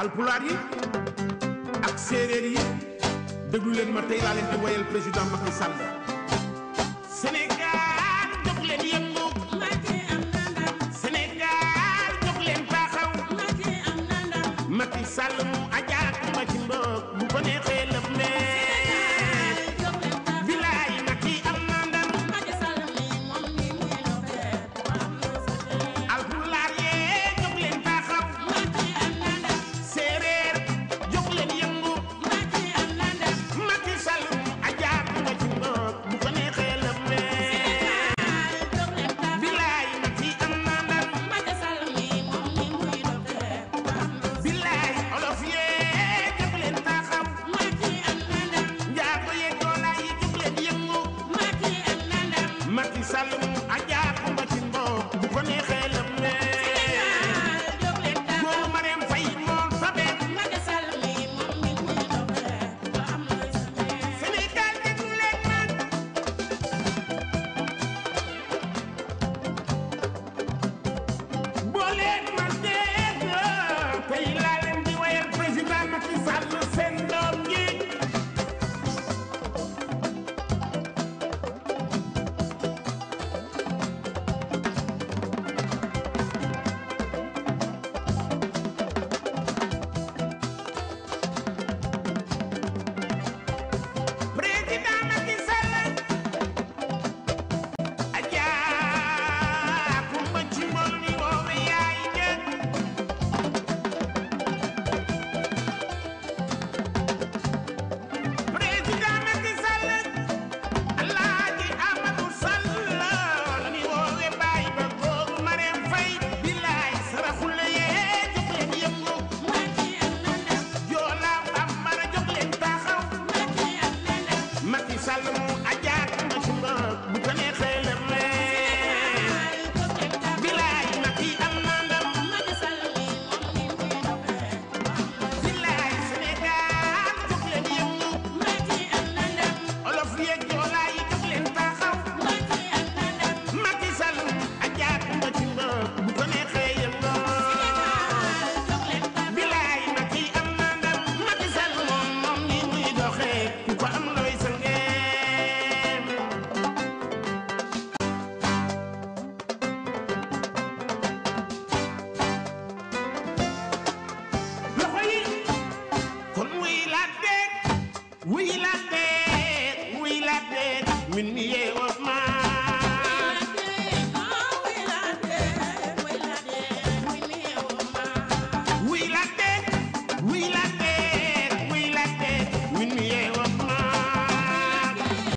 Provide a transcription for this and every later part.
alpulaar yi ak séeréer yi déglu leen ma tey laa leen di woyal président Macky Sall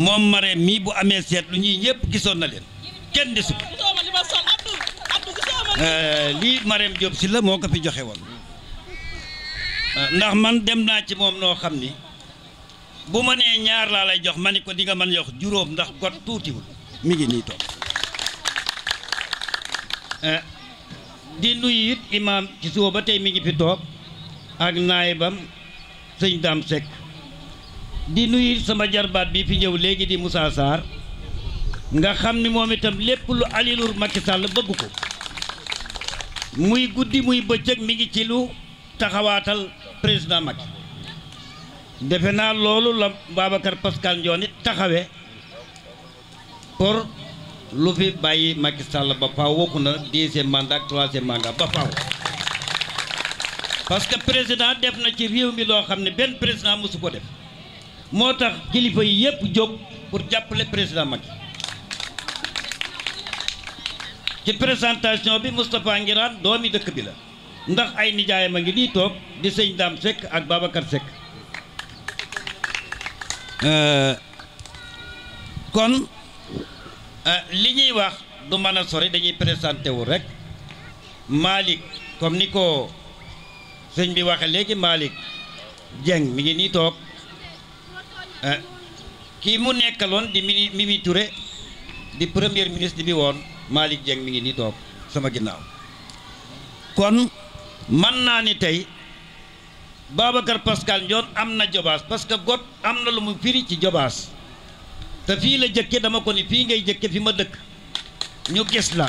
moom Marème mii bu amee seetlu ñii ñëpp gisoon na leen kenn desu euh, lii Marème Diop si la moo ko fi joxe woon euh, ndax man dem naa ci moom noo xam ni bu ma nee ñaar laa lay jox ma ni ko dinga nga mën juróom ndax got tuutiwul mi ngi nii toog euh, di nuyu it imaam ci suba ba tey mi ngi fi toog ak naayibam sëñ Dame Seck di nuyu sama jarbaat bi fi ñëw léegi di musaa Sarr nga xam ni moom itam lépp lu aliluur Macky Sall bëgg ko muy guddi muy bëccëg mi ngi ci lu taxawaatal président Macky defe naa loolu la Babacar Pascal Ndione it taxawe pour lu fi bàyyi Macky Sall ba faaw wokku na deuxième mandat ak troisième mandat ba faaw parce que def na ci réew mi loo xam ne benn président mosu ko def moo tax kilifa yi yépp jóg pour jàppale président mag ci présentation bi Moustapha Ngiraan doomi dëkk bi la ndax ay nijaayam a ngi nii toog di sëñ Dame Seck ak Babacar Seck euh, kon euh, li ñuy wax du mën a dañuy présenté wu rek Malick comme ni ko sëñ bi waxe léegi Malick Dieng mi ngi nii toog Euh, kii mu nekkaloon di mi Mimi Touré di premier ministre bi woon Malick mi ngi nii toog sama ginnaaw kon mën naa ni tey Babacar Pascal Ndione am na jobaas parce que got am na lu mu firi ci jobaas te fii la jëkke dama ko ni fii ngay jëkke fi ma dëkk ñu gis la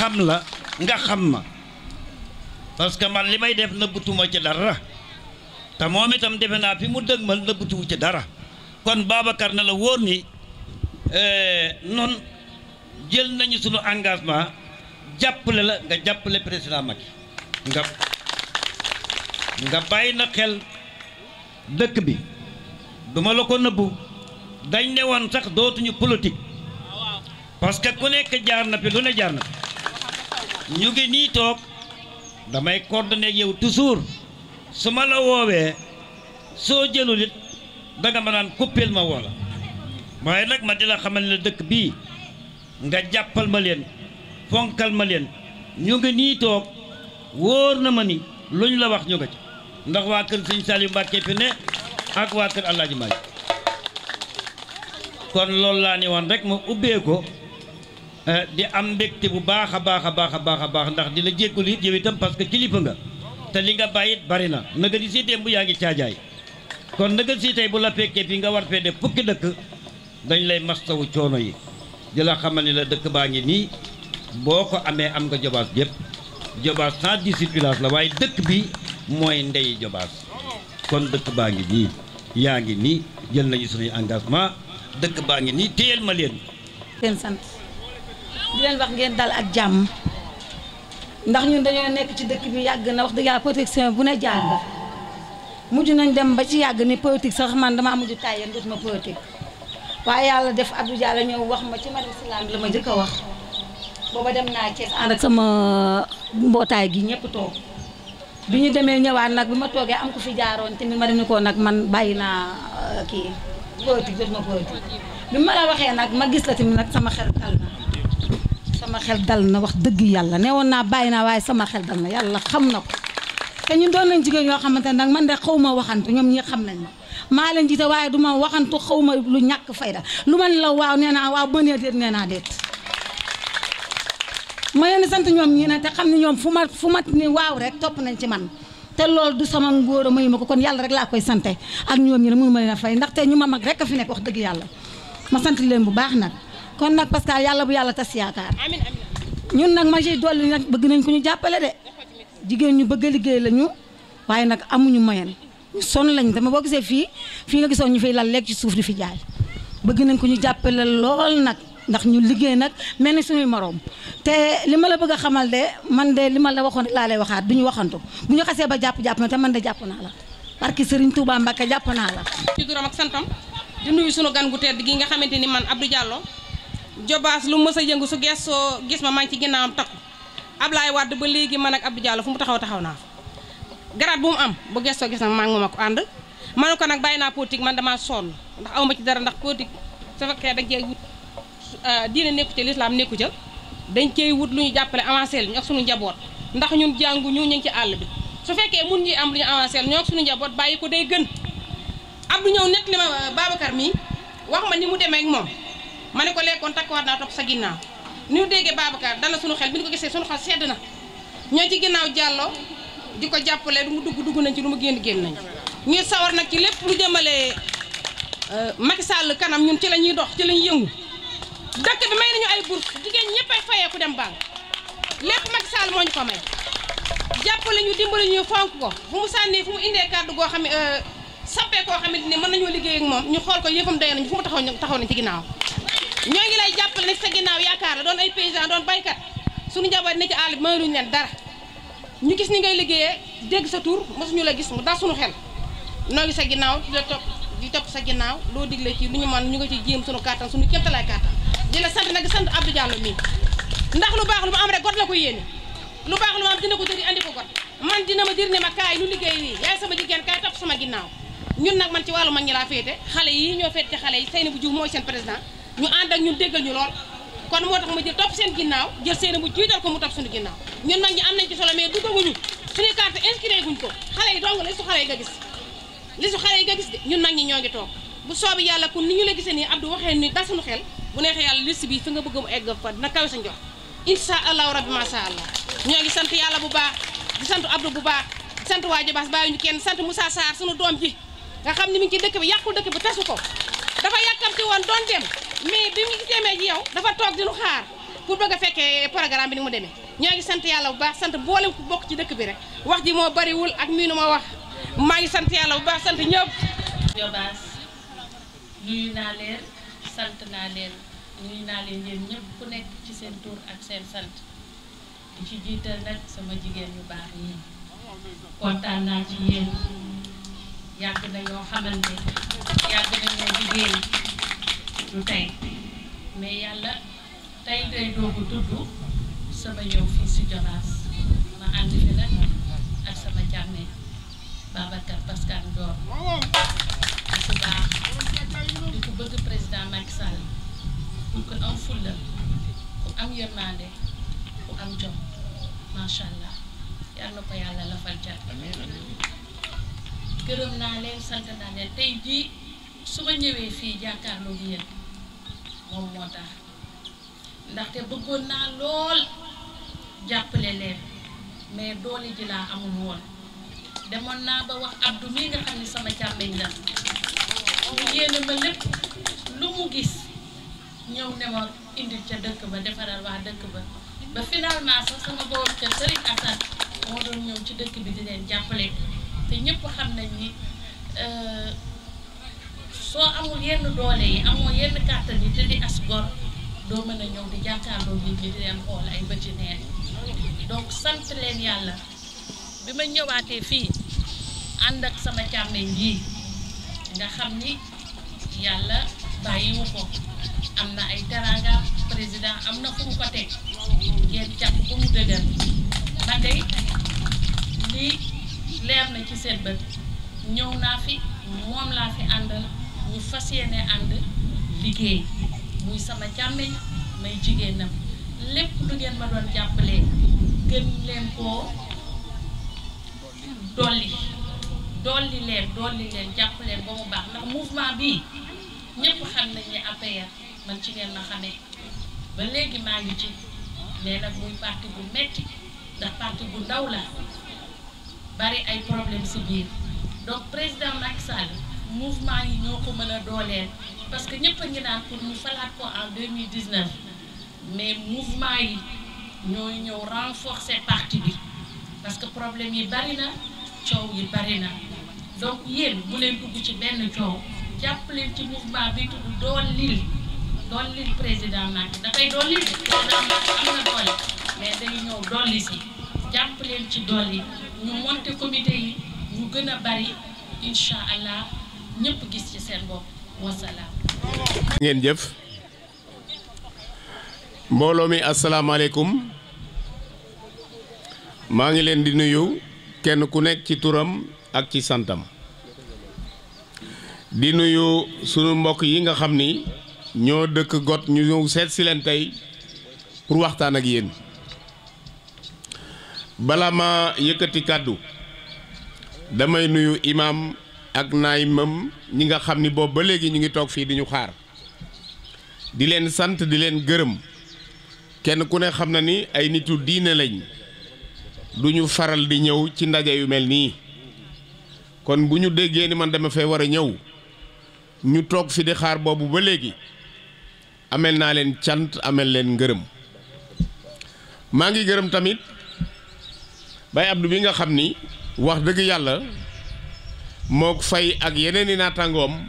xam la nga xam ma parce que man li may def nëbbutuma ci dara te moom itam defe naa fi mu dëgmal nëbbatuwu ci dara kon Babacar na la wóor ni eh, non jël nañu suñu engagement jàppale la nga jàppale président Macky nga bàyyi na xel dëkk bi duma la ko nëbbu dañ ne woon sax dootuñu politique parce que ku nekk jaar na fi lu ne jaar na fi ñu ngi nii toog damay coordonné yow toujours su ma la woowee soo jëlul it danga ma naan kuppeel ma woo la waaye nag ma di la xamal ne dëkk bii nga jàppal ma leen fonkal ma leen ñu ngi nii toog wóor na ma ni lu ñu la wax ñu nga ci ndax waa kër sëñ Saliou Mbacke fi ne ak waa kër Alaaji Maalik kon loolu laa ni woon rek ma ubbee ko eh, di am mbégte bu baax a baax a baax a baax a baax ndax di la jéggul it yow itam parce que kilifa nga te li nga bàyyit bari na naga di démb yaa ngi caajaay kon naga si tey bu la fekkee fi nga war fee def fukki dëkk dañ lay mastawu coono yi di la xamal ni la dëkk baa ngi nii boo ko amee am nga jobaas yëpp jobaas 118 village la waaye dëkk bi mooy ndeyi jobaas kon dëkk baa ngi nii yaa ngi nii jël nañu suñuy engagement dëkk baa ngi nii téyel ma leen. leen sant di leen wax ngeen dal ak jàmm. ndax ñun dañoo nekk ci dëkk bi yàgg na wax dëgg yàlla protection bu ne jaar na mujj nañ dem ba ci yàgg ni politique sax man damaa mujj tàyyeen dootuma politique waaye yàlla def Abdou Diallo wax ma ci madame Salam la ma jëkk a wax booba dem naa Thiès ànd ak sama mbootaay gi ñëpp toog bi ñu demee ñëwaat nag bi ma toogee am ku fi jaaroon tamit ma dem ko nag man bàyyi naa euh, kii politique dootuma politique bi ma la waxee nag ma gis la tamit nag sama xel ma xel dal na wax dëgg yàlla ne woon naa bàyyi naa waaye sama xel dal na yàlla xam na ko te ñun doon nañ jigéen ñoo xamante ne nag man de xaw ma waxantu ñoom ñi xam nañ ma maa leen jiite waaye du ma waxantu xaw ma lu ñàkk fayda lu ma la waaw nee naa waaw mënee déet nee naa déet ma leen sant ñoom ñi ne te xam ne ñoom fu ma fu ni waaw rek topp nañ ci man te loolu du sama ngóor a mayu ma ko kon yàlla rek laa koy sante ak ñoom ñi ne ma leen a fay ndaxte ñu ma mag rek a fi nekk wax dëgg yàlla ma sant leen bu baax kon nag Pascal yàlla bu yàlla tas yaakaar ñun nag ma ci dolli nag bëgg nañ ko ñu jàppale de jigéen ñu bëgg liggéey la ñu waaye nag amuñu moyen ñu sonn lañ dama boo gisee fii fii nga gisoon ñu fiy lal lekk ci suuf di fi jaay bëgg nañ ko ñu jàppale lool nag ndax ñu liggéey nag mel ni suñuy moroom te li ma la bëgg a xamal de man de li ma la waxoon laa lay waxaat du ñu waxantu bu ñu xasee ba jàpp jàpp ma te man de jàpp naa la barki Serigne Touba Mbacke jàpp naa la. di nuyu sunu gan nga xamante ni man Abdou Diallo jobaas lu mës a yëngu su gestoo gis ma maa ci ci ginnaawam takku Ablaye Wade ba léegi man ak Abdou Diallo fu mu taxaw taxaw naa fa garaat bu mu am bu gestoo gis na maa ngi ma ko ànd ma ne ko nag bàyyi naa politique man damaa sol ndax aw ma ci dara ndax politique su fekkee dañ cee wut euh, diine nekku ca lislaam nekku ca dañ cey wut lu ñu jàppale avancé lu ñu ak suñu njaboot ndax ñun jàngu ñu ñu ngi ci àll bi su fekkee mun ñi am lu ñu avancé ñoo ak suñu njaboot bàyyi ko day gën Abdou ñëw nett li ma Babacar wax ma ni mu demee moom ma ne ko lekkoon kon takkuwaat naa topp sa ginnaaw ni ñu déggee Babacar dana suñu xel bi ñu ko gisee suñu xel sedd na ñoo ci ginnaaw jàllo di ko jàppalee lu mu dugg dugg nañ ci lu mu génn génn nañ ñuy sawar nag ci lépp lu jëmale euh, Macky Sall kanam ñun ci la ñuy dox ci la ñuy yëngu dëkk nañu ay bourse jigéen ku dem banque lépp Macky moo ñu ko may jàppale ñu dimbali ñu fonk ko fu mu sànnee fu mu indee kàdd goo xam ne euh, sappee koo xamante ni mën nañoo liggéey ak moom ñu xool ko yëfam doy nañu fu mu taxaw taxaw nañ ci ginnaaw ñoo ngi lay jàppale ne sa ginnaaw yaakaar la doon ay paysan doon baykat suñu njaboot ne ci àll bi mënuñ leen dara ñu gis ni ngay liggéeyee dégg sa tur ñu la gis mu dal suñu xel noo ngi sa ginnaaw di la topp di topp sa ginnaaw loo digle ci lu ñu mën ñu nga ci jéem suñu kàttan suñu kéemtalaay kàttan di la sant nag sant Abdou Diallo mii ndax lu baax lu mu am rek ko yéene lu baax lu ma ko jëri andi ko got man dina ma dir liggéey nii yaay sama jigéen sama ginnaaw ñun nag man ci wàllu mag ñi laa féete xale yi ñoo féete ci xale yi bu Diouf mooy seen président ñu ànd ak ñun déggal ñu lool kon moo tax ma jël topp seen ginnaaw jël seen mu jiital ko mu topp suñu ginnaaw ñun nag ñu am nañ ci solo mais duggaguñu suñu carte inscrire guñ ko xale yi dong li su xale yi nga gis li xale yi nga gis de ñun nag ñi ñoo ngi toog bu soobi yàlla kon ni ñu la gisee nii Abdou waxee ni dal suñu xel bu neexee yàlla liste bi fi nga bëgg mu egg fa dina kawe sa njox incha allahu rabbi macha allah ñoo ngi sant yàlla bu baax di sant Abdou bu baax di sant waa Jobaas bàyyi ñu kenn sant Moussa Sarr suñu doom ji nga xam ne mi ngi bi yàqul dëkk bi tasu ko dafa mais bi ñu gisee ji yow dafa toog di lu xaar pour bëgg a fekkee programme bi ni mu demee ñoo ngi sant yàlla bu baax sant boolem ku bokk ci dëkk bi rek wax ji moo bariwul ak miinu ma wax maa ngi sant yàlla bu baax sant ñëpp. Jobaas naa leen sant naa leen nuyu naa leen yéen ñëpp ku nekk ci seen tur ak seen sant di ci jiital nag sama jigéen yu baax yi kontaan naa ci yéen yàgg nañoo xamante yàgg nañoo jigéen. du mais yàlla tey day doogu tudd sama ñëw fii si Jobaas ma ànd fi nag ak sama càmme Babacar Pascal Dior di ku bëgg président Macky Sall ku ko am fulla ku am yërmande ku am jom macha allah yàlla ko yàlla lafal jar gërëm naa leen sant naa leen tey jii su ma ñëwee fii jàkkaarloo gi yéen moom moo tax ndaxte bëggoon naa lool jàppale leen mais doole ji laa amul woon demoon naa ba wax Abdou mi nga xam ne sama càmmiñ la mu yéene ma lépp lu mu gis ñëw ne indi ca dëkk ba defaral waa dëkk ba ba finalement sax sama borom kër Serigne Assane moo doon ñëw ci dëkk bi di leen jàppale te ñëpp xam nañ ni. Euh, soo amul yenn doole yi amoo yenn kàttan yi te di as gor doo mën a ñëw di jàkkaarloo nit ñi di leen xool ay bëti neen donc sant leen yàlla bi ma ñëwaatee fii ànd ak sama càmmeñ ji nga xam ni yàlla bàyyiwu ko am na ay teraanga président am na fu mu ko teg ngeen jàpp bu mu dëgër man de lii leer na ci seen bët ñëw naa fi moom laa fi àndal ñu fas yéene ànd liggéey muy sama càmmeñ may jigéenam lépp lu ngeen ma doon jàppale gën leen koo dolli dolli leen dolli leen jàpp leen ba mu baax ndax mouvement bi ñëpp xam nañ ne APR man ci ngeen ma xamee ba léegi maa ngi ci mais nag muy parti bu metti ndax parti bu ndaw la bari ay problème si biir donc président Macky mouvement yi ñoo ko mën a dooleel parce que ñëpp a ngi naan pour ñu falaat ko en 2019 mais mouvement yi ñooy ñëw renforcer parti bi parce que problème yi bari na coow yi bari na donc yéen mu leen dugg ci benn coow jàpp leen ci mouvement bi tudd doolil doolil président Macky dafay doolil président Macky am na doole mais day ñëw dolli si jàpp leen ci dolli ñu monter comité yi ñu gën a bari incha allah. ngeen jëf mbooloo mi asalaamaaleykum maa ngi leen di nuyu kenn ku nekk ci turam ak ci santam di nuyu sunu mbokk yi nga xam ni ñoo dëkk got ñu ñëw seet si leen tey pour waxtaan ak yéen bala ma yëkkati kàddu damay nuyu imam ak naay mam ñi nga xam ni boobu ba léegi ñu ngi toog fii di ñu xaar di leen sant di leen gërëm kenn ku ne xam na ni ay nitu diine lañ du ñu faral di ñëw ci ndaje yu mel nii kon bu ñu déggee ni man dama fee war a ñëw ñu toog fi di xaar boobu ba léegi amel naa leen cant amel leen ngërëm maa ngi gërëm tamit bay Abdou bi nga xam ni wax dëgg yàlla mook fay ak yeneen i naataangoom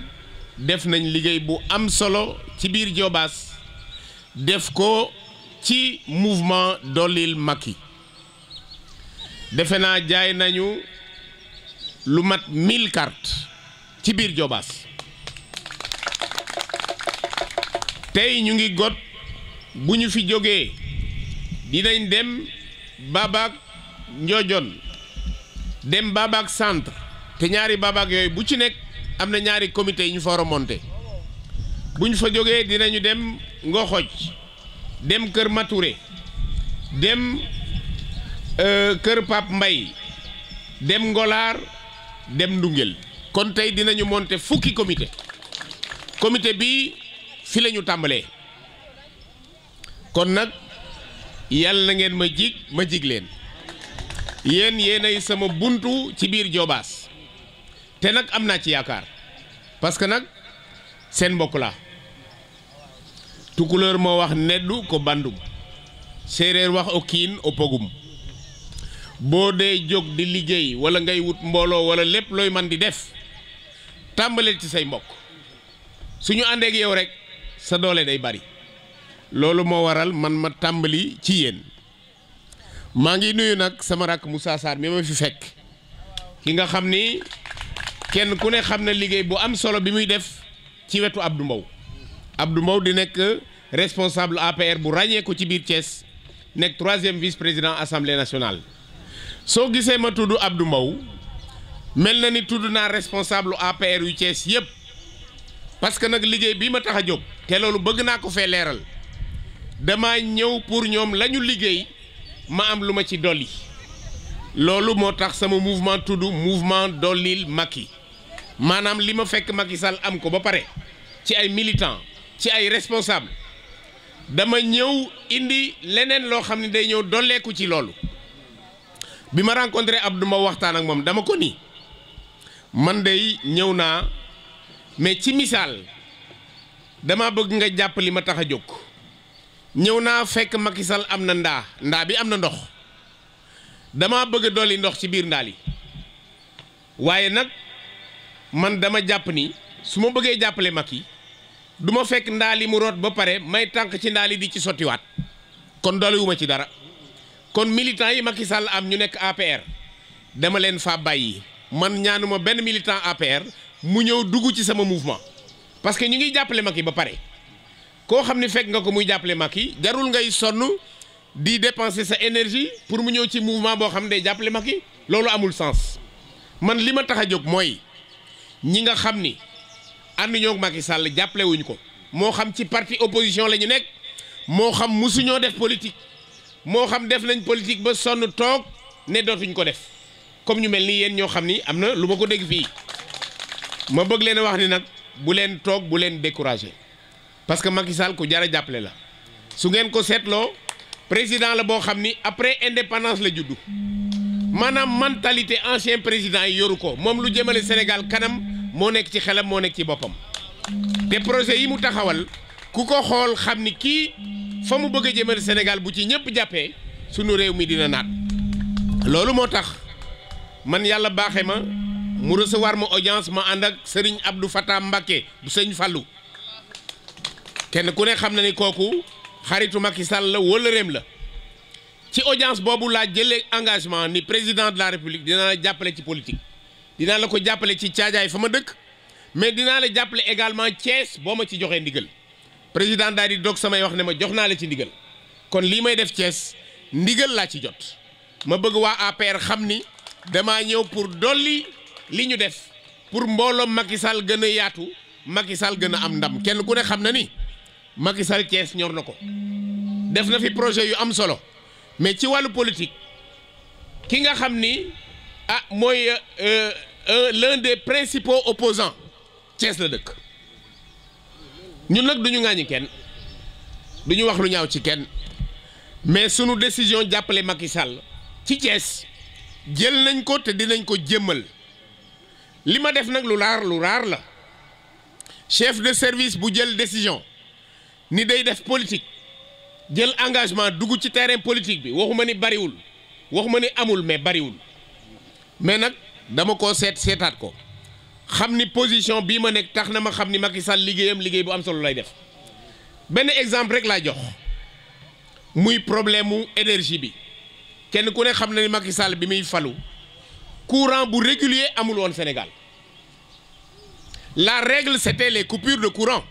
def nañ liggéey bu am solo ci biir Diobaas def ko ci mouvement Doolil Macky defe naa jaay nañu lu mat mille cartes ci biir Diobaas tey ñu ngi got bu ñu fi jógee dinañ dem Babaak Ndiojon dem Babaak centre te ñaari babaak yooyu bu ci nekk am na ñaari comité yi ñu fa war a monté bu ñu fa jógee dinañu dem Ngoxoj dem Kër mature dem euh, Kër Pape Mbay dem Ngolaar dem Ndungel kon tey dinañu monté fukki comité comité bii fi la ñu tàmbalee kon nag yàlla na ngeen ma jig ma jig leen yéen yéenay sama buntu ci biir Jobaas te nag am naa ci yaakaar parce que nag seen mbokk laa tukulóor moo wax neddu ko bandum séeréer wax o kiin boo dee jóg di liggéey wala ngay wut mbooloo wala lépp looy man di def tàmbaleel ci say mbokk suñu àndee ak yow rek sa doole day bari loolu moo waral man ma tàmbali ci yéen maa ngi nuyu nag sama rakk Moussa Sarr mi ma fi fekk ki nga xam ni kenn ku ne xam na liggéey bu am solo bi muy def ci wetu Abdou Mbow Abdou Mbow di nekk responsable APR bu ràññeeku ci biir cees nekk troisième vice président assemblée nationale soo gisee ma tudd Abdou Mbow mel na ni tudd naa responsable APR yu cees yépp parce que nag liggéey bii ma tax a jóg te loolu bëgg naa ko fee leeral dama ñëw pour ñoom lañu liggéey ma am lu ma ci dolli loolu moo tax sama mouvement tudd mouvement dollil Macky maanaam li ma fekk Macky Sall am ko ba pare ci ay militants ci ay responsables dama ñëw indi leneen loo xam ne day ñëw dolleeku ci loolu bi ma rencontré du ma waxtaan ak moom dama ko nii man day ñëw naa mais ci misaal dama bëgg nga jàpp li ma tax a jóg ñëw naa fekk Macky Sall am na ndaa ndaa bi am na ndox dama bëgg dolli ndox ci biir ndaal yi waaye nag man dama jàpp ni su ma bëggee jàppale Macky du ma fekk ndaali mu root ba pare may tànk ci ndaali di ci sottiwaat kon dolliwuma ci dara kon militant yi Macky Sall am ñu nekk APR dama leen faa bàyyi man ñaanuma benn militant APR mu ñëw dugg ci sama mouvement parce que ñu ngi jàppale Macky ba pare koo xam ne fekk nga ko muy jàppale Macky jarul ngay sonn di dépenser sa énergie pour mu ñëw ci mouvement boo xam ne day jàppale Macky loolu amul sens man li ma tax a jóg mooy ñi nga xam ni am ñoo Macky Sall jàppale wuñ ko moo xam ci parti opposition la ñu nekk moo xam musuñoo def politique moo xam def nañ politique ba sonn toog ne dootuñ ko def comme ñu mel nii yéen ñoo xam ni am na lu ma ko dégg fii ma bëgg leen wax ni nag bu leen toog bu leen découragé parce que Macky Sall ku jar a jàppale la su ngeen ko seetloo président la boo xam ni après indépendance la juddu maanaam mentalité ancien président yi yoru ko moom lu jëmale Sénégal kanam. moo nekk ci xelam moo nekk ci boppam te projet yi mu taxawal ku ko xool xam ni kii fa mu bëgg a jëmal bu ci ñëpp jàppee sunu réew mi dina naat loolu moo tax man yàlla baaxe ma mu war ma audience ma ànd ak Serigne Abdou Fatah Mbacké bu sëñ Fallou kenn ku ne xam na ni kooku xaritu Macky Sall la wëllëreem la ci audience boobu laa jëlee engagement ni président de la république dina la jàppale ci politique dinaa la ko jàppale ci caajaay fa ma dëkk mais dinaa la jàppale également Thiès boo ma ci joxee ndigal président daal di doog samay wax ne ma jox naa la ci ndigal kon lii may def cees ndigal laa ci jot ma bëgg waa APR xam ni damaa ñëw pour dolli li ñu def pour mbooloo Macky Sall gën a yaatu Macky Sall gën a am ndam kenn ku ne xam na ni Macky Sall Thiès ñor na ko def na fi projet yu am solo mais ci wàllu politique ki nga xam ni. ah mooy euh, euh, euh, l'un des principaux opposants Thiès la dëkk ñun nag duñu ŋaañi kenn duñu wax lu ñaaw ci kenn mais sunu décision jàppale Macky Sall ci Thiès jël nañ ko te dinañ ko jëmmal li ma def nag lu raar lu raar la chef de service bu jël décision ni day def politique jël engagement dugg ci terrain politique bi waxuma ni bariwul waxuma ni amul mais bariwul mais nag dama ko seet seetaat ko xam ni position bii ma nekk tax na ma xam ni Macky Sall liggéeyam liggéey bu am solo lay def benn exemple rek laa jox muy problème mu énergie bi kenn ku ne xam na ni Macky Sall bi muy falu courant bu régulier amul woon Sénégal la règle c'était les coupures de courant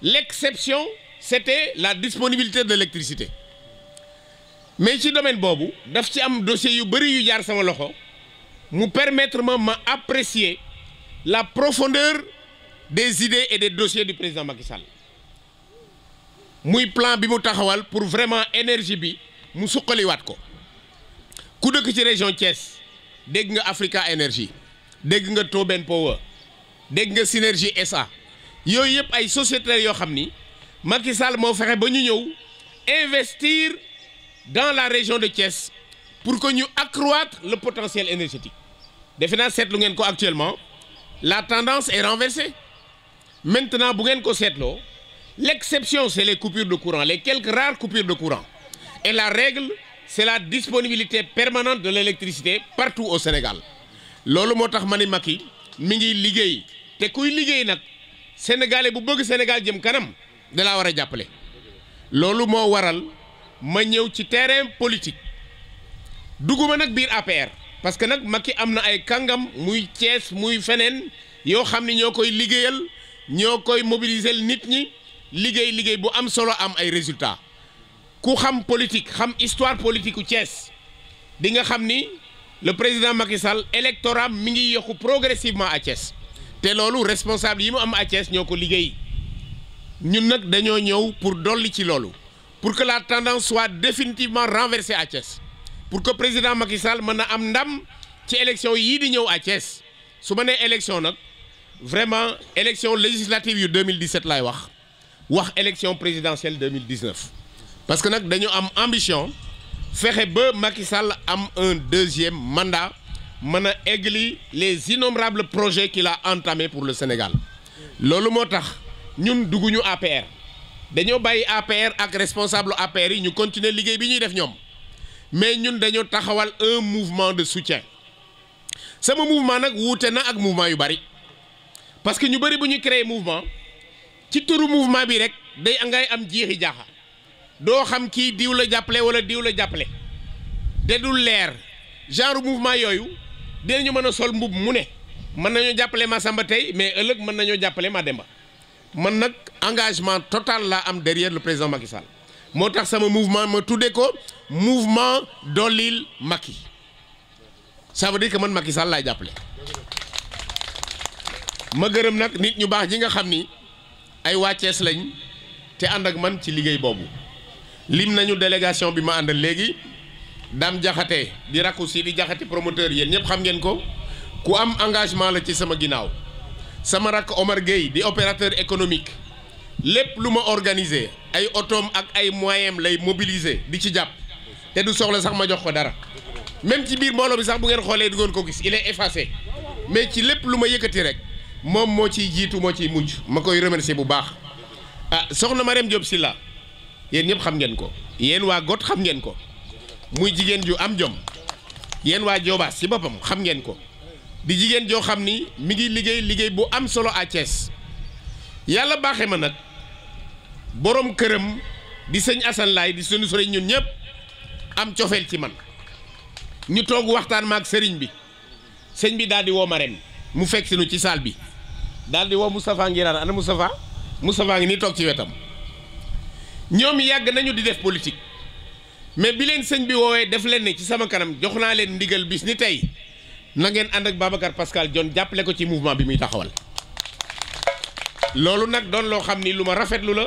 l'exception c'était la disponibilité de l'électricité mais ci domaine boobu daf ci am dossier yu bëri yu jaar sama loxo mu permettre ma ma apprécier la profondeur des idées et des dossiers du président Macky Sall muy plan bi mu taxawal pour vraiment énergie bi mu suqaliwaat ko ku dëkk ci région Thiès dégg nga Africa Énergie dégg nga Toben Power dégg nga Synergie SA yooyu yëpp ay sociétés yoo xam ni Macky Sall moo fexe ba ñu ñëw investir dans la région de Thiès pour que ñu accroître le potentiel énergétique defe naa seetlu ngeen ko actuellement la tendance est renversée maintenant bu ngeen ko seetloo l'exception c'est les coupures de courant les quelques rares coupures de courant et la règle c'est la disponibilité permanente de l'électricité partout au Sénégal loolu moo tax ma ni Macky mi ngi liggéey te kuy liggéey nag sénégalais bu bëgg Sénégal jëm kanam da laa war a jàppale loolu moo waral ma ñëw ci terrain politique dugguma nag biir APR parce que nag Macky am na ay kàngam muy Thiès muy feneen yoo xam ni ñoo koy liggéeyal ñoo koy mobiliser nit ñi liggéey liggéey bu am solo am ay résultats ku xam politique xam histoire politique u Thiès di nga xam ni le président Macky Sall électorat mi ngi yoxu progressivement à te loolu responsable yi mu am à ñoo ko liggéey ñun nag dañoo ñëw pour dolli ci loolu pour que la tendance soit définitivement renversée à pour que président Macky Sall mën a am ndam ci élection yii di ñëw à Thiès su ma nee élection nag vraiment élection législative yu 2017 laay wax wax élection présidentielle 2019 parce que nag dañu am ambition fexe ba Macky Sall am un deuxième mandat mën a eggli les innombrables projets qu'il a pour le Sénégal loolu moo tax ñun dugguñu APR dañoo bàyyi APR ak responsable APR yi ñu continuer liggéey bi ñuy def ñoom mais ñun dañoo taxawal un mouvement de soutien sama mouvement nag wuute na ak mouvement yu bari parce que ñu bari bu ñu créer mouvement ci turu mouvement bi rek day ngay am jeexi jaaxa doo xam kii diw la jàppale wala diw la jàppale de du leer genre mouvement yooyu dinañu mën a sol mbub mu ne mën nañoo jàppale ma Samba tey mais ëllëg mën nañoo jàppale ma Demba man nag engagement total laa am derrière le président Macky moo tax sama mouvement ma tuddee ko mouvement dollil Macky ça veut dire que man Macky Sall laay jàppale ma gërëm nag nit ñu baax ji nga xam ni ay wàccees lañ te ànd ak man ci liggéey boobu lim nañu délégation bi ma ànd léegi Dame Diakhaté di rakku si di Diakhaté promoteur yéen ñëpp xam ngeen ko ku am engagement la ci sama ginnaaw sama rakk Omar Gueye di opérateur économique lépp lu ma organiser ay otoom ak ay moyens lay mobiliser di ci jàpp te du soxla sax ma jox ko dara même ci biir mbooloo bi sax bu ngeen xoolee du ngoon ko gis il est effacé mais ci lépp lu ma yëkkati rek moom moo ciy jiitu moo ciy mujj ma koy remercier bu baax ah soxna Mariam Diop Sylla yéen ñëpp xam ngeen ko yéen waa got xam ngeen ko muy jigéen ju am jom yéen waa Joobaas ci boppam xam ngeen ko di jigéen joo xam ni mi ngi liggéey liggéey bu am solo à Thiès yàlla baaxee ma nag. borom këram di sëñ Assane di sunu sëriñ ñun ñëpp am cofeel ci man ñu toog waxtaan maak sëriñ bi sëñ bi daal di woo ma ren mu fekk si ci saal bi daal di woo Moustapha Ngiraan ana Moustapha Moustapha ngi ni toog ci wetam ñoom yàgg nañu di def politique mais bi leen sëñ bi woowee def leen ne ci sama kanam jox naa leen ndigal bis ni tey na ngeen ànd ak Babacar Pascal jon jàppale ko ci mouvement bi muy taxawal loolu nag doon loo xam ni lu ma rafetlu la.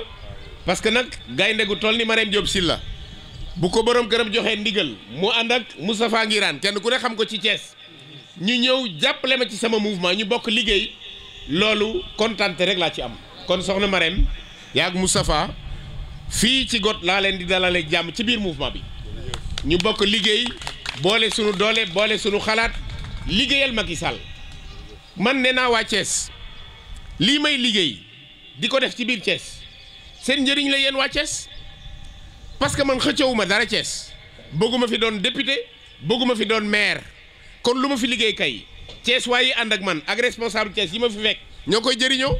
parce que nag gaynde gu toll ni Marème Diop Sylla bu ko borom këram joxee ndigal mu ànd ak Moustapha Ngiraan kenn ku ne xam ko ci Thiès ñu ñëw jàppale ma ci sama mouvement ñu bokk liggéey loolu kontante rek laa ci am kon soxna Marème yaag Moustapha fii ci got laa leen di dalale jàmm ci biir mouvement bi ñu bokk liggéey boole sunu doole boole sunu xalaat liggéeyal Macky Sall man nee naa waa Thiès lii may liggéey di ko def ci biir Thiès seen njëriñ la yéen waa Thiès parce que man xëccewuma dara Thiès bëgguma fi doon député bëgguma fi doon maire kon lu ma fi liggéey kay Thiès waaye ànd ak man ak responsable Thiès yi ma fi fekk ñoo koy jëriñoo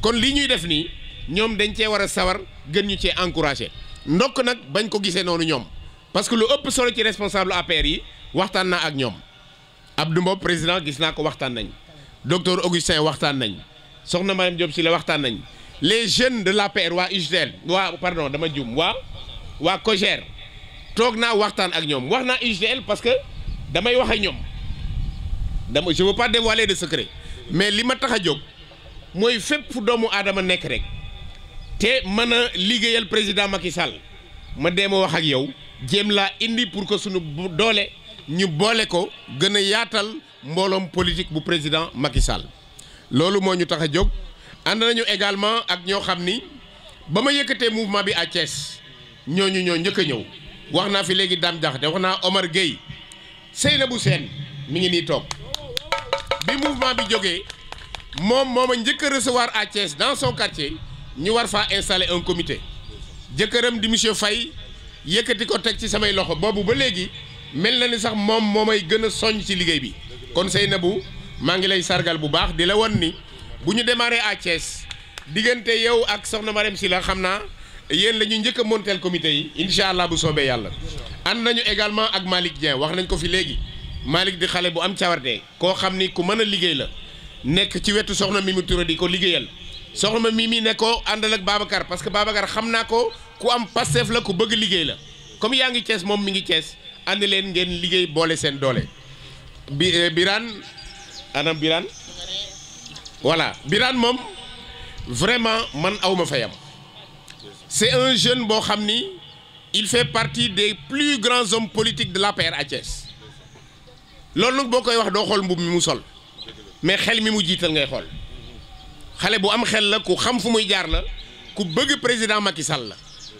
kon lii ñuy def nii ñoom dañ cee war a sawar gën ñu cee encouragé ndokk nag bañ ko gisee noonu ñoom parce que lu ëpp solo ci responsable APR yi waxtaan naa ak ñoom ab Abdou Mbow président gis naa ko waxtaan nañ docteur Augustin waxtaan nañ soxna Mayam Diop si la waxtaan nañ les jeunes de l'APR waa UGTL waa pardon dama juum waa waa COJER toog naa waxtaan ak ñoom wax naa UGTL parce que damay wax ak ñoom dama je veux pas dévoiler de secret mais li ma tax a jóg mooy fépp fu doomu aadama nekk rek te mën a liggéeyal président Macky Sall ma dee ma wax ak yow jéem laa indi pour que suñu doole ñu boole ko gën a yaatal mbooloom politique bu président Macky loolu moo ñu tax a jóg. ànd nañu également ak ñoo xam ni ba ma yëkkatee mouvement bi à Thiès ñooñu ñoo njëkk a ñëw wax naa fi léegi Dame de wax naa Omar na bu Sène mi ngi nii toog bi mouvement bi jógee moom mooma njëkk a recevoir à Thiès dans son quartier ñu war faa installé un comité jëkkëram di monsieur fay yëkkati ko teg ci samay loxo boobu ba léegi mel na ni sax moom moo may gën a soññ ci liggéey bi kon na bu maa ngi lay sargal bu baax di la won ni bu ñu démarré à Thiès diggante yow ak soxna Marème Sylla xam naa yéen la ñuy njëkk a monteel comité yi incha allah bu soobee yàlla. ànd nañu également ak Malick Dieng wax nañ ko fi léegi Malick di xale bu am cawarte koo xam ni ku mën a liggéey la nekk ci wetu soxna Mimi Touré di ko liggéeyal soxna mii ne nekkoo àndal ak Babacar parce que Babacar xam naa ko ku am Pastef la ku bëgg liggéey la comme yaa ngi Thiès moom mu ngi Thiès ànd leen ngeen liggéey boole seen doole bi eh, Birane anam Birane. voilà Birane moom vraiment man awma fayam c'est un jeune boo xam ni il fait partie des plus grands hommes politiques de l'APR à Thiès loolu nag boo koy wax doo xool mbub mi mu sol mais xel mi mu jiital ngay xool xale bu am xel la ku xam fu muy jaar la ku bëgg président Macky Sall la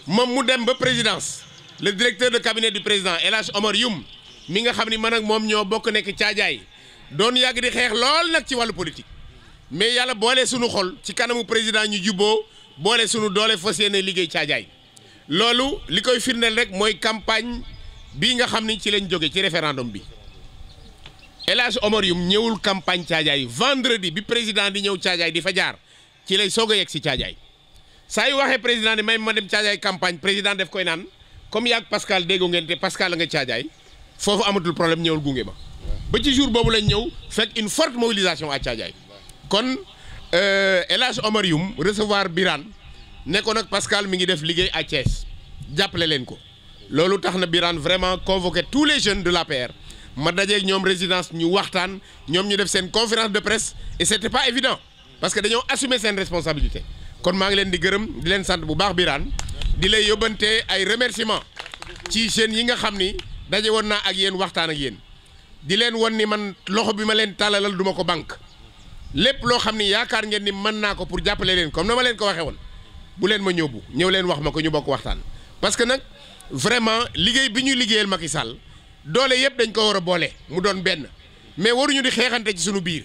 moom mu dem ba présidence le directeur de cabinet du président El Hadj Omar mi nga xam ni man ak moom ñoo bokk nekk caajaay doon yàgg di xeex lool nag ci wàllu politique mais yàlla boolee sunu xol ci kanamu président ñu jubboo boole sunu doole fas yéene liggéey caajaay loolu li koy firndeel rek mooy campagne bii nga xam ni ci lañ jóge ci référendum bi El Hadj Omar Youm ñëwul campagne caajaay vendredi bi président di ñëw caajaay di fa jaar ci lay soog a yegg si caajaay saa yu waxee président ni may ma dem caajaay campagne président def koy naan comme yaag Pascal déggu ngeen te Pascal la nga caajaay foofu amatul problème ñëwul gunge ma ba ci jour boobu lañ ñëw fekk une forte mobilisation à kon euh, El Hadj Omar Youm recevoir Birane ne ko nag Pascal mi ngi def liggéey à Thiès jàppale leen ko loolu tax na Birane vraiment convoqué tous les jeunes de la l'APR ma dajeeg ñoom résidence ñu waxtaan ñoom ñu def seen conférence de presse et c'était pas évident parce que dañoo assumer seen responsabilité kon maa ngi leen di gërëm di leen sant bu baax Birane di lay yóbbante ay remerciements ci jeunes yi nga xam ni daje woon naa ak yéen waxtaan ak yéen di leen won ni man loxo bi ma leen tàllalal duma ko banque lépp loo xam ni yaakaar ngeen ni mën naa ko pour jàppale leen comme na ma leen ko waxee woon bu leen ma ñëbbu ñëw leen wax ma ko ñu bokk waxtaan. parce que nag vraiment liggéey bi ñuy liggéeyal ma ki Sall doole yëpp dañ ko war a boole mu doon benn mais waruñu di xeexante ci suñu biir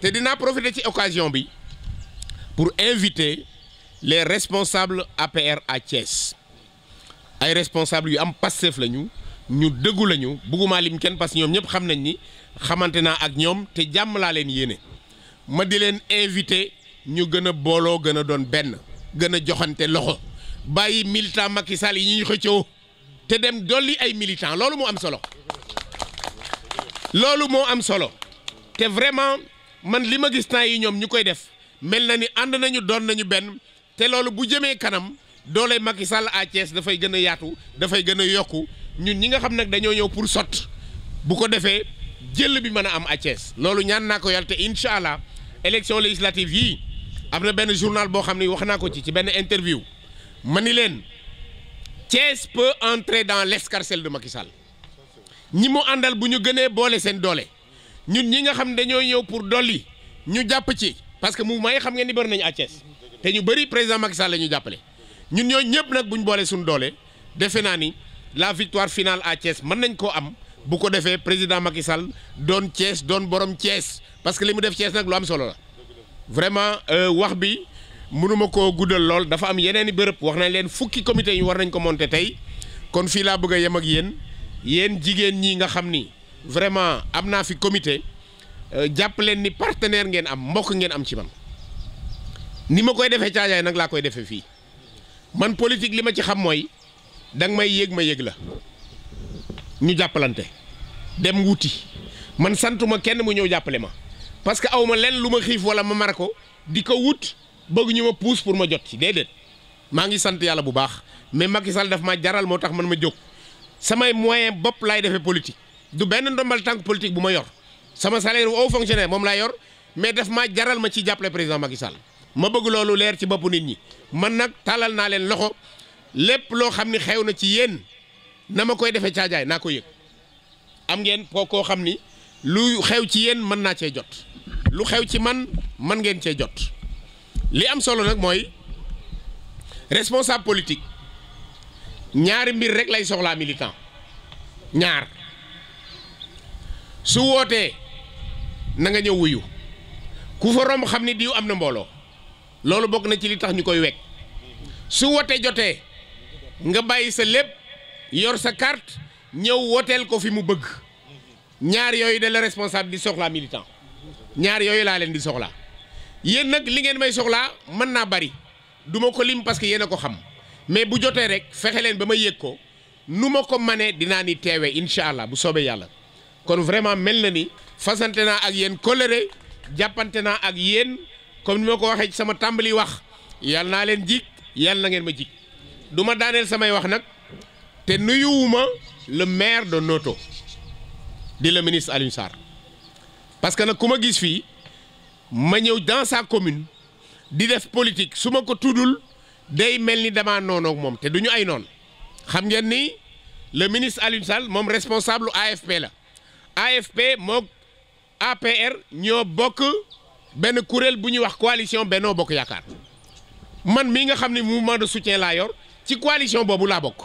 te dinaa profiter ci occasion bi pour inviter les responsables APR à Thiès ay responsables yu am Pastef lañu ñu dëggu lañu bëgguma lim kenn parce que ñoom ñëpp xam nañ ni xamante naa ak ñoom te jàmm leen yéene. ma di leen invité ñu gën a booloo gën a doon benn gën a joxante loxo bàyyi militant Macky Sall yi ñuy xëccoo te dem dolli ay militant loolu moo am solo loolu moo am solo te vraiment man li ma gis naa yi ñoom ñu koy def mel na ni ànd nañu doon nañu benn te loolu bu jëmee kanam doole Macky Sall à Thiès dafay gën a yaatu dafay gën a yokku ñun ñi nga xam nag dañoo ñëw pour sot bu ko defee jël bi mën a am à loolu ñaan naa ko yàlla te incha allah élection législative yii am na benn journal boo xam ne wax naa ko ci ci benn interview ma ni leen Thiès peut entrer dans l'escarcelle de Macky ñi mu àndal bu ñu gënee boole seen doole ñun ñi nga xam dañoo ñëw pour dolli ñu jàpp ci parce que mouvement yi xam nga ni bëri nañu à Thiès te ñu bëri président Macky Sall la ñu jàppale ñun ñooñu ñëpp nag buñ ñu boole suñu doole defe naa ni la victoire finale à mën nañ koo am. bu ko defee président Macky Sall doon Thiès doon borom Thiès parce que li mu def Thiès nag lu am solo la vraiment euh, wax bi mënuma koo guddal lool dafa am yeneen i bërëb wax nañ leen fukki comité yi war nañ ko monter tey kon fii laa bëgg a yem ak yéen yéen jigéen ñi nga xam ni vraiment am naa fi comité euh, jàpp leen ni partenaire ngeen am mbokk ngeen am ci man ni ma koy defee caajaay nag laa koy defee fii man politique li ma ci xam mooy danga may yéeg ma yéeg la ñu jàppalante dem wuti man santuma kenn mu ñëw jàppale ma parce que aw ma lenn lu ma xiif wala ma mar ko di ko wut bëgg ñu ma puus pour ma jot ci déedéet maa ngi sant yàlla bu baax mais Macky Sall daf maa jaral moo tax man ma jóg samay moyen bopp laay defee politique du benn ndombal tànk politique bu ma yor sama salaire bu aw fonctionnaire moom laa yor mais daf maa jaral ma ci jàppale président Macky Sall ma bëgg loolu leer ci boppu nit ñi man nag tàllal naa leen loxo lépp loo xam ni xew na ci yéen na ma koy defee caajaay naa ko yëg am ngeen koo koo xam ni lu xew ci yéen mën naa cee jot lu xew ci man man ngeen cee jot li am solo nag mooy responsable politique ñaari mbir rek lay soxlaa militan ñaar su wootee na nga ñëw wuyu ku fa romb xam ni diw am na mbooloo loolu bokk na ci li tax ñu koy wekk su wootee jotee nga bàyyi sa lépp. yor sa carte ñëw wooteel ko fi mu bëgg ñaar yooyu de la responsable di soxlaa militant ñaar yooyu laa leen di soxlaa yéen nag li ngeen may soxlaa mën naa bari du ma ko lim parce que yéen a ko xam mais bu jotee rek fexe leen ba ma yëg ko nu ma ko manee dinaa ni teewee incha allah bu soobee yàlla kon vraiment mel na ni fasante naa ak yéen colère jàppante naa ak yéen kon ni ma ko waxee sama tàmbali wax yàlla naa leen jig yàlla na ngeen ma jig du ma daaneel samay wax nag te nuyuwuma le maire de Noto di le ministre Alioune Sarr parce que nag ku ma gis fii ma ñëw dans sa commune di def politique su ma ko tuddul day mel ni damaa noonoog moom te du ñu ay noon xam ngeen ni le ministre Alioune moom responsable AFP la AFP mook APR ñoo bokk benn kuréel bu ñuy wax coalition Benno Bokk Yaakaar man mii nga xam ne mouvement de soutien laa yor ci coalition boobu laa bokk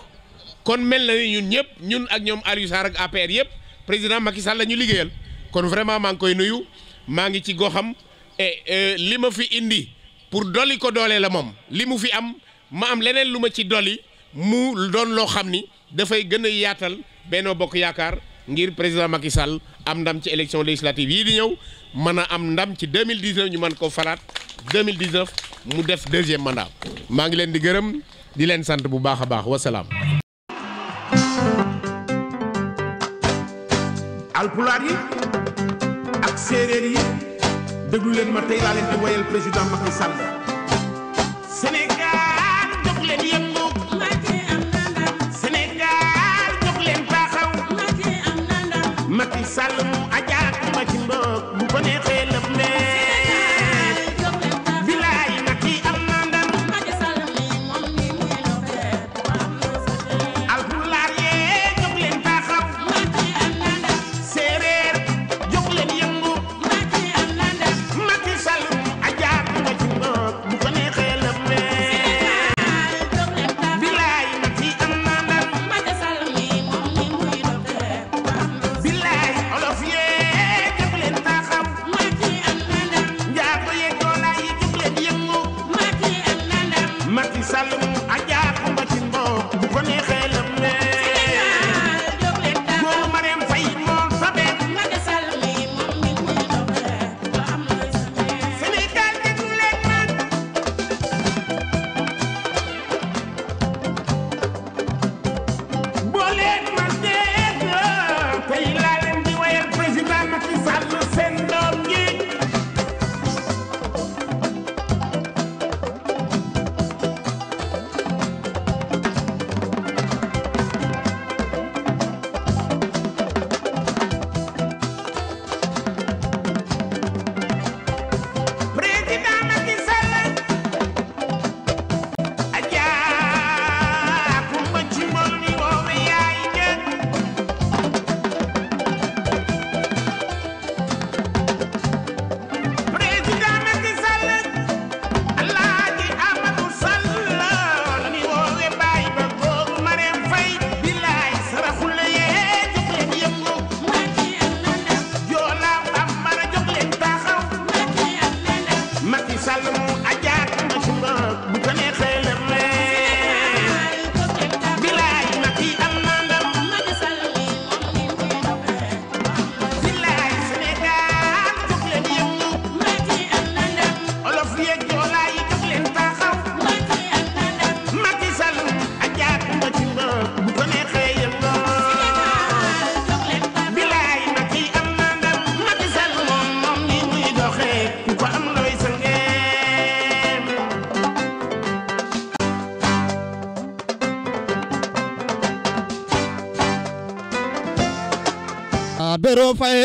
kon mel na ni ñun ñëpp ñun ak ñoom Aliou Sarr ak APR yëpp président Macky Sall la ñu liggéeyal kon vraiment maa ngi koy nuyu maa ngi ci goxam et euh, li ma fi indi pour dolli ko doolee la moom li mu fi am ma am leneen lu ma ci dolli mu doon loo xam ni dafay gën a yaatal Benno Bokk Yaakaar ngir président Macky Sall am ndam ci élection législative yii di ñëw mën a am ndam ci 2019 ñu man ko falaat 2019 mu def deuxième mandat maa ngi leen di gërëm di leen sant bu baax a baax wasalaam alpulaar yi ak séeréer yi déglu leen ma tey laa leen di woyal président Macky Sall Sénégal jóg leen yëngu Macky am na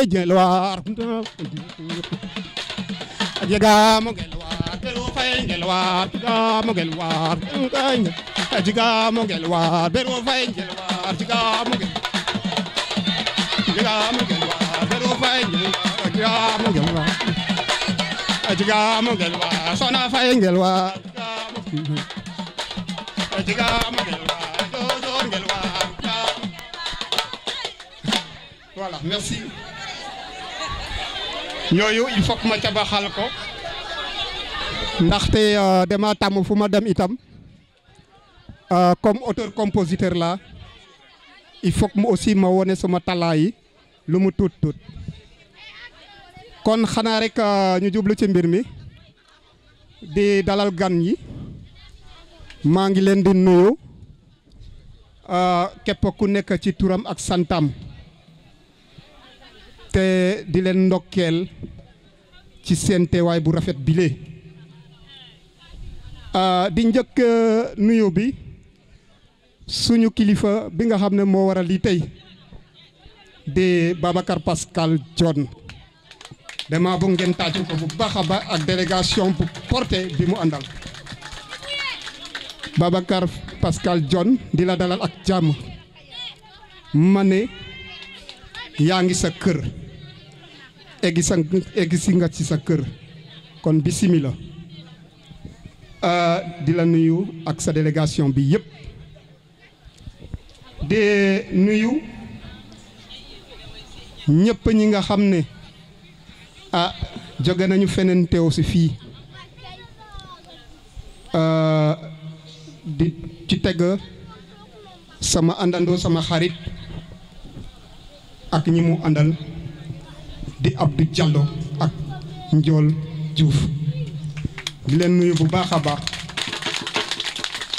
gelwar ajiga mo gelwar beru fay gelwar ajiga mo gelwar ajiga mo gelwar beru fay gelwar ajiga mo ajiga mo gelwar beru fay gelwar ajiga mo gelwar ajiga mo gelwar sona fay gelwar ajiga mo gelwar do do gelwar voilà merci yooyu il faut ma tabaxal ko ndaxte euh, demaa tàmm fu ma dem itam euh, comme auteur compositeur laa il faut ma aussi ma wone sama talaa yi lu mu tuut tuut kon xanaa rek euh, ñu jublu ci mbir mi di dalal gan yi maa ngi leen di nuyu képp ku nekk ci turam ak santam te di leen ndokkeel ci seen teewaay bu rafet bile ah, di njëkk eh, nuyu bi suñu kilifa bi nga xam ne moo waral lii tey di Babacar Pascal John dama bëgg ngeen tàccu ko bu baax a baax ak délégation bu porté bi mu àndal Babacar Pascal John di la dalal ak jàmm ma ne yaa ngi sa kër eggi sa eggi si nga ci sa kër kon bisimila ah, di la nuyu ak sa délégation bi yëpp di nuyu ñëpp ñi nga xam ne ah joge nañu feneen teew si fii ah, di ci teg sama àndandoo sama xarit ak ñi mu àndal di Abdou Diallo ak Njool Diouf di leen nuyu bu baax a baax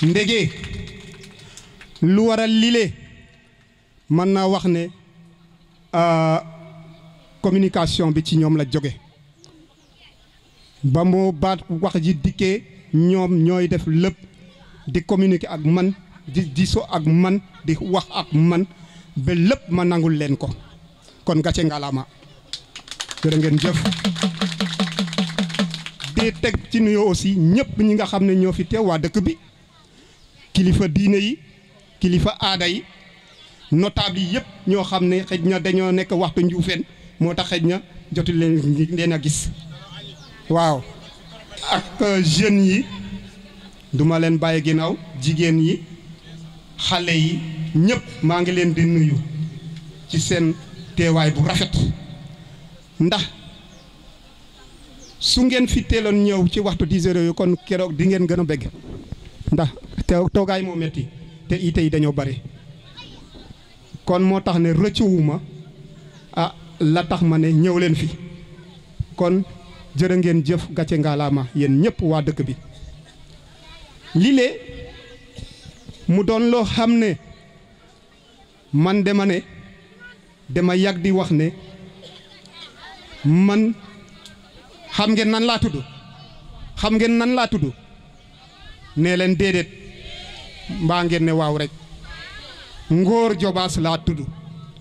ndege lu waral lile mën naa wax ne euh, communication bi ci ñoom la jóge ba mu baat wax ji dikkee ñoom ñooy def lépp di communiquer ak man di diisoo ak man di wax ak man ba lépp ma nangul leen ko kon gàcce ngalaama jërë ngeen jëf di teg ci nuyoo aussi ñëpp ñi nga xam ne ñoo fi teew waa dëkk bi kilifa diine yi kilifa aada yi notable yi yëpp ñoo xam ne xëj na dañoo nekk waxtu njuufeen moo tax xëj na jotu leen leen a gis waaw ak euh, jeunes yi duma leen bàyyi ginnaaw jigéen yi xale yi ñépp maa ngi leen di nuyu ci seen teewaay bu rafet ndax su ngeen fi teeloon ñëw ci waxtu 10 heures yooyu kon keroog di ngeen gën a bëgg ndax teew toogaay moo metti te ite yi dañoo bari kon moo tax ne rëccuwuma a ah, la tax ma ne ñëw leen fi kon jërë ngeen jëf gàcce ngaalaama yéen ñëpp waa dëkk bi lile mu doon loo xam ne man dama ne dama yàgg di wax ne man xam ngeen nan laa tudd xam ngeen nan laa tudd nee leen déedéet mbaa ngeen ne waaw rek ngóor jobaas laa tudd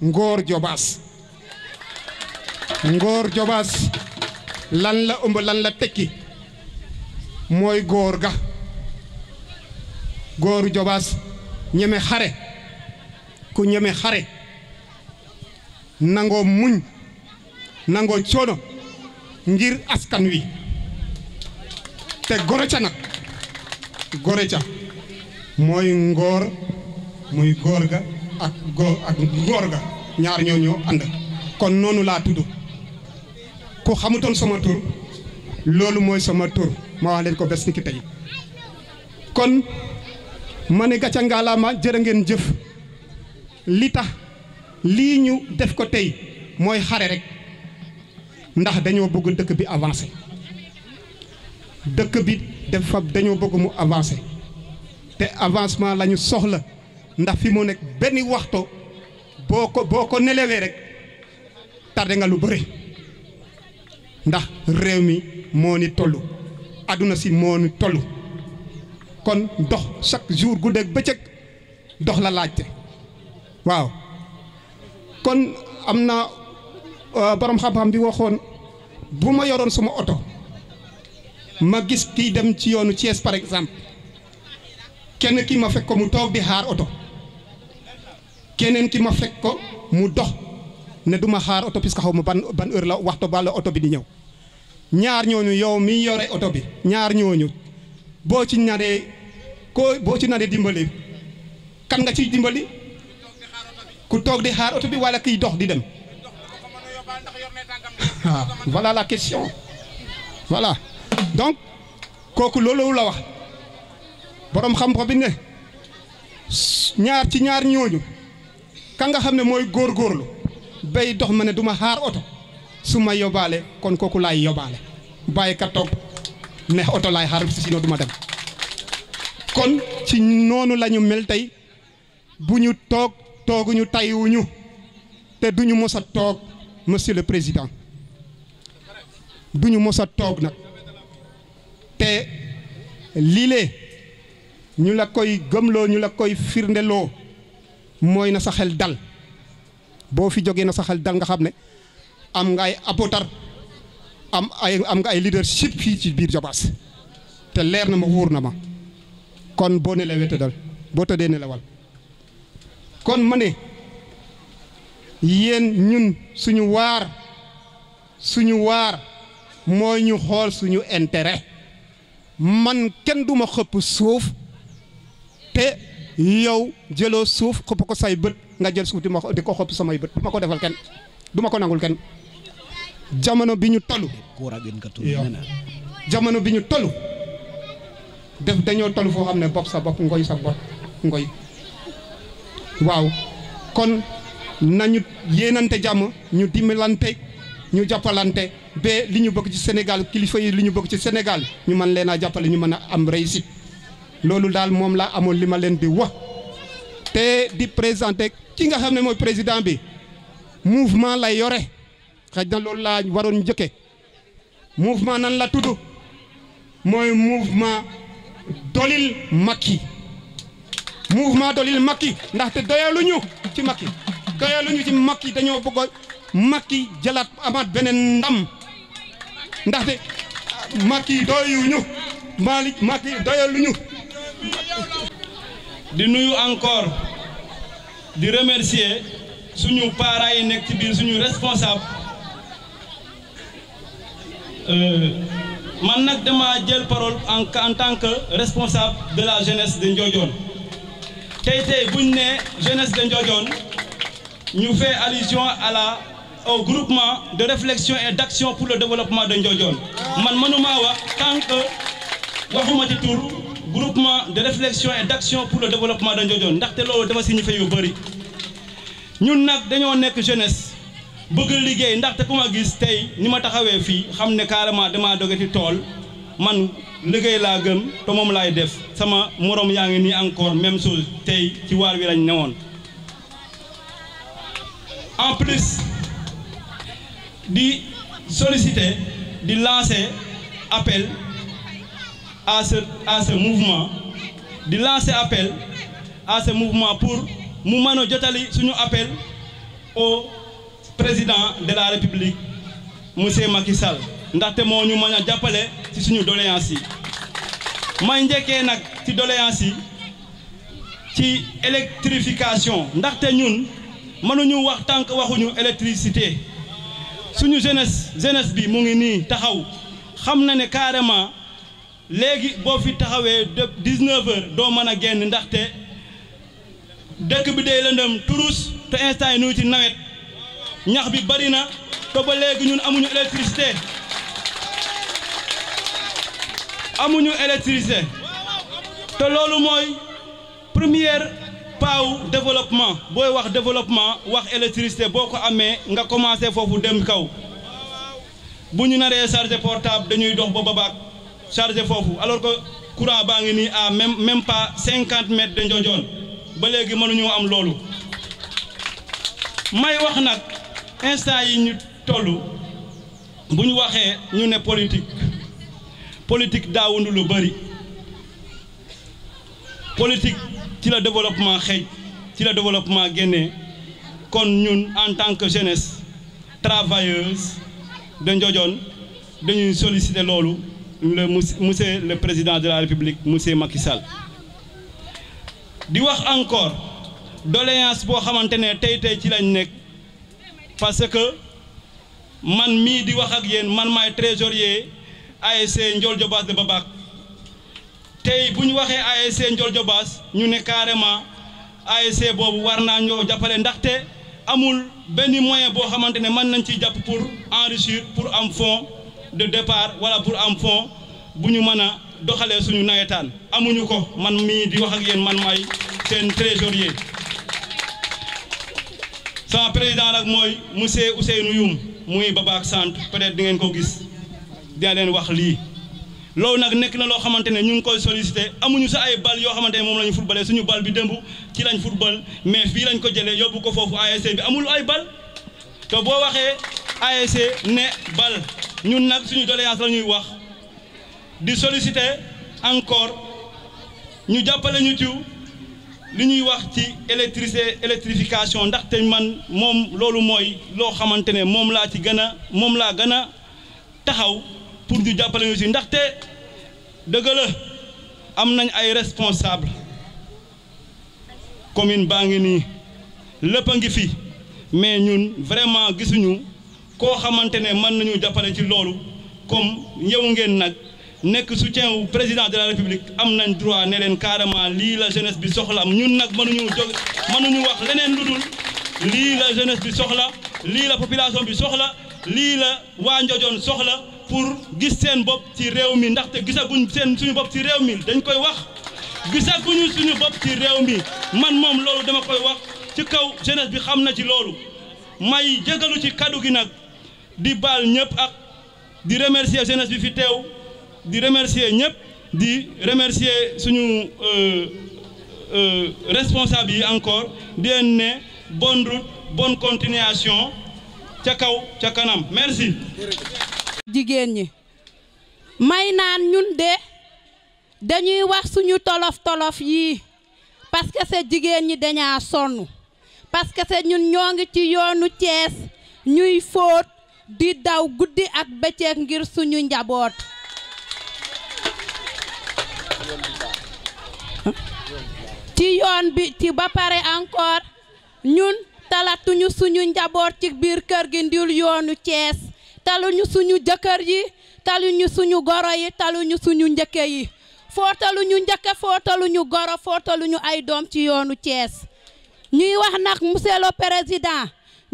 ngóor jobaas ngóor jobaas lan la ëmb lan la tekki mooy góor ga góoru jobaas ñeme xare ku ñeme xare nangoo muñ nangoo coono ngir askan wi te gore ca nag gore ca mooy ngoor muy góor ga ak góor ak ngoor ga ñaar ñoo ñoo ànd kon noonu laa tudd ku xamutoon sama tur loolu mooy sama tur ma wax leen ko bés ni ki tey kon ma ne gàcca ngaalaama jërë ngeen jëf li tax lii ñu def ko tey mooy xare rekk ndax dañoo bëgg dëkk bi avancé dëkk bi def dafa dañoo bëgg mu avancé te avancement la ñu soxla ndax fi mu nekk benn waxto boo ko boo ko nelewee rek tardé nga lu bëri ndax réew mi moo ni tollu àdduna si moo ni tollu kon dox chaque jour guddeeg bëccëg dox la laajte waaw kon am na Euh, borom xam-xam bi waxoon bu ma yoroon suma oto ma gis kiy dem ci yoonu Thiès par exemple kenn ki ma fekk ko mu toog di xaar oto keneen ki ma fekk ko mu dox ne duma ma xaar oto puisque ban ban heure la waxtu ba oto bi di ñëw ñaar ñooñu yow mi yore oto bi ñaar ñooñu boo ci naree ko boo ci naree dimbali kan nga ciy dimbali ku toog di xaar oto bi wala kiy dox di dem. ah voilà voilà donc kooku loolu la wax boroom xam-xam bi ne ñaar ci ñaar ñooñu ka nga xam ne mooy góor góorlu bay dox ma ne duma xaar oto su ma yóbbaale kon kooku lay yóbbaale bàyyi ka toog ne oto laay xaar si sinon du ma dem kon ci noonu la mel tey bu ñu toog tooguñu tayuñu te duñu mosa toog monsieur le président duñu mos a toog nag te lii ñu la koy gëmloo ñu la koy firnde loo mooy na sa xel dal boo fi jógee na sa xel dal nga xam ne am nga ay apotar am ay am nga ay leadership fii ci biir Jobaas te leer na ma wóor na ma kon boo nelawee tëddal boo tëddee nelawal kon ma ne yéen ñun suñu waar suñu waar mooy ñu xool suñu intérêt man kenn duma xëpp suuf te yow jëloo suuf xëpp ko say bët nga jël suuf di ma di ko xëpp samay bët du ma ko defal kenn duma ko nangul kenn jamono bi ñu toll jamono bi ñu toll def dañoo toll foo xam ne bopp sa bopp ngoy sa bopp ngoy waaw kon nañu yéenante jàmm ñu dimbalante ñu jàppalante ba li ñu bëgg ci Sénégal kilifa yi li ñu bëgg ci Sénégal ñu man leen a jàppale ñu mën a am réussite loolu daal moom laa amoon li ma leen di wax te di présenté ki nga xam ne mooy président bi mouvement lay yore xaj na loolu laa waroon njëkke mouvement nan la tudd mooy mouvement Dolil Macky mouvement Dolil Macky ndaxte doyaluñu ci Macky doyaluñu ci Macky dañoo bëgg a Macky jëlaat amaat beneen ndam ndaxte Macky doyuñu Malick Macky doyaluñu. di nuyu encore di remercier suñu parents yi nekk ci biir suñu responsable euh, man nag dama jël parole en en tant que responsable de la jeunesse de Ndiodione tey tey buñ ne jeunesse de Ndiodione. ñu fait allusion à la au groupement de réflexion et d'action pour le développement de Ndiondione man mënumaa wax tant que waxuma ci tur groupement de réflexion et d'action pour le développement de Ndiondione ndaxte loolu dafa signifié yu bëri ñun nag dañoo nekk jeunesse bëgg liggéey ndaxte ku ma gis tey ni ma taxawee fii xam ne carrément damaa ci tool man liggéey laa gëm te moom laay def sama moroom yaa ngi nii encore même chose tey ci waar wi lañ newoon en plus di solliciter di lancer appel à ce à ce mouvement di lancer appel à ce mouvement pour mu mën a jotali suñu appel o président de la république monsieur Macky Sall ndaxte moo ñu mën a jàppale suñu doléance yi may njekkee nag ci doléance yi ci électrification ndaxte ñun. mënuñu wax tànk waxuñu électricité suñu jeunesse jeunesse bi mu ngi nii taxaw xam na ne carrément léegi boo fi taxawee de 19 doo mën a génn ndaxte dëkk bi day lëndëm turus te instant yi nuyu ci nawet ñax bi bari na te léegi ñun amuñu électricité amuñu électricité te loolu mooy première paaw développement booy wax développement wax électricité boo ko amee nga commencé foofu dem kaw bu ñu naree chargé portable dañuy dox ba babaak chargé foofu alors que courant baa ngi nii à même même pas cinquante mètres de njonjoon ba léegi mënuñoo am loolu may wax nag instant yi ñu toll bu ñu waxee ñu ne politique politique daawundu lu bëri politique ci la développement xeej ci la développement génnee kon ñun en tant que jeunesse travailleuse de Ndiodione dañuy solliciter loolu le monsieur le président de la république monsieur Macky Sall di wax encore doléance boo xamante ne tey tey ci lañ nekk parce que man mii di wax ak yéen man maay trésorier ASC Ndiol Diobass ba baax tey bu ñu waxee ASC Ndiol Diobass ñu ne carrément ASC boobu war naa ñoo jàppale ndaxte amul benn moyen boo xamante ne mën nañ ci jàpp pour enrichir pour am fonds de départ wala pour am fonds bu ñu mën a doxalee suñu nawetaan amuñu ko man mii di wax ak yéen man maay seen trésorier sama président nag mooy monsieur Ousseynou Youm muy Babaak sant peut-être di ngeen ko gis dina leen wax lii loolu nag nekk na loo xamante ne ñu ngi koy sollicité amuñu sa ay bal yoo xamante ne moom la ñu footballé suñu bal bi démb ci lañ football mais fii lañ ko jëlee yóbbu ko foofu ASC bi amul ay bal te boo waxee ASC ne bal ñun nag suñu doléance la ñuy wax di sollicité encore ñu jàppale ñu tiw li ñuy wax ci électricité ndax te man moom loolu mooy loo xamante ne moom laa ci gën a moom laa gën a taxaw pour ñu jàppale ñu si ndaxte dëgg la am nañ ay responsable commune baa ngi nii lépp a ngi fi mais ñun vraiment gisuñu koo xamante ne mën nañu jàppale ci loolu comme yow ngeen nag nekk soutien wu président de la république am nañ droit ne leen carrément lii la jeunesse bi soxla ñun nag mënuñu jóg mënuñu wax leneen lu dul lii la jeunesse bi soxla lii la population bi soxla lii la waa Ndiodione soxla pour gis seen bopp ci réew mi ndaxte gisaguñ seen suñu bopp ci réew mi dañ koy wax gisaguñu suñu bopp ci réew mi man moom loolu dama koy wax ci kaw jeunesse bi xam na ci loolu may jégalu ci kaddu gi nag di baal ñëpp ak di remercier jeunesse bi fi teew di remercier ñëpp di remercier suñu euh, euh, responsable yi encore di leen ne bonne route continuation ca kaw ca kanam merci jigéen ñi may naan ñun de dañuy wax suñu tolof-tolof yii parce que jigéen ñi dañaa sonn parce que ñun ñoo ngi ci yoonu Cees ñuy fóot di daw guddi ak bëccëg ngir suñu njaboot ci yoon bi ci ba pare encore ñun talatuñu suñu njaboot ci biir kër gi ndil yoonu Cees taluñu suñu jëkkër yi taluñu suñu goro yi taluñu suñu njëkke yi footaluñu njëkke footaluñu goro footaluñu ay doom ci yoonu cees ñuy wax nag monsieur le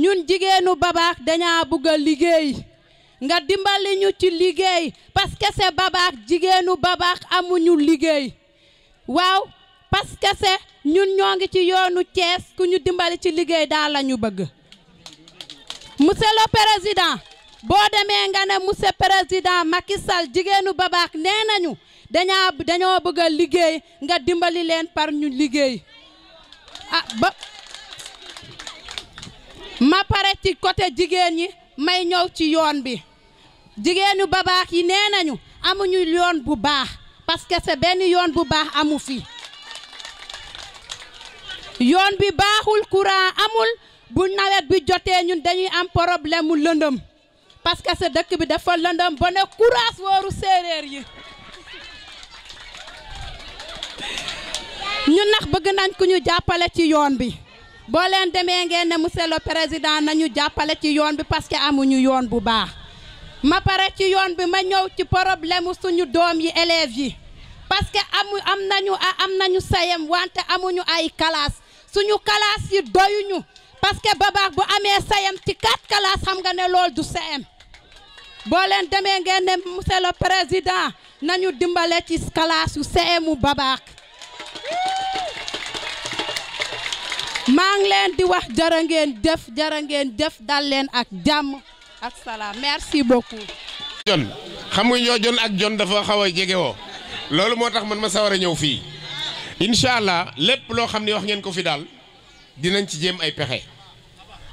ñun jigéenu Babaak dañaa bëgg a liggéey nga dimbali ñu ci liggéey parce que Babaak jigéenu Babaak amuñu liggéey waaw parce que ñun ñoo ngi ci yoonu Thiès ku ñu dimbali ci liggéey daal lañu ñu bëgg monsieur le boo demee nga ne mu président Macky Sall jigéenu Babax nee nañu dañaa dañoo bëgg liggéey nga dimbali leen par ñu liggéey ah, ma pare ci côté jigéen ñi may ñëw ci yoon bi jigéenu Babax yi nee nañu amuñu yoon bu baax parce que benn yoon bu baax amu fi yoon bi baaxul courant amul bu nawet bi jotee ñun dañuy am problème mu lëndëm parce que dëkk bi dafa lëndëm ba ne courage wooru séeréer yi ñu nax bëgg nañ ku ñu jàppale ci yoon bi boo leen demee ngeen ne monsieur le président nañu jàppale ci yoon bi parce que amuñu yoon bu baax ma pare ci yoon bi ma ñëw ci problème suñu doom yi élèves yi parce que amu am nañu am nañu sayem wante amuñu ay kalaas suñu kalaas yi doyuñu parce que babaax bu amee sayam ci quatre classes xam nga ne loolu du sayam boo leen demee ngeen ne monsieur président nañu dimbale ci classe yu sayamu babaax maa ngi leen di wax jërë ngeen jëf jërë ngeen jëf dal leen ak jàmm ak salaam merci beaucoup. jon xam nga ñoo jon ak jon dafa xaw a jege woo loolu moo tax mën ma sawar a ñëw fii incha allah lépp loo xam ne wax ngeen ko fi daal. dinañ ci jéem ay pexe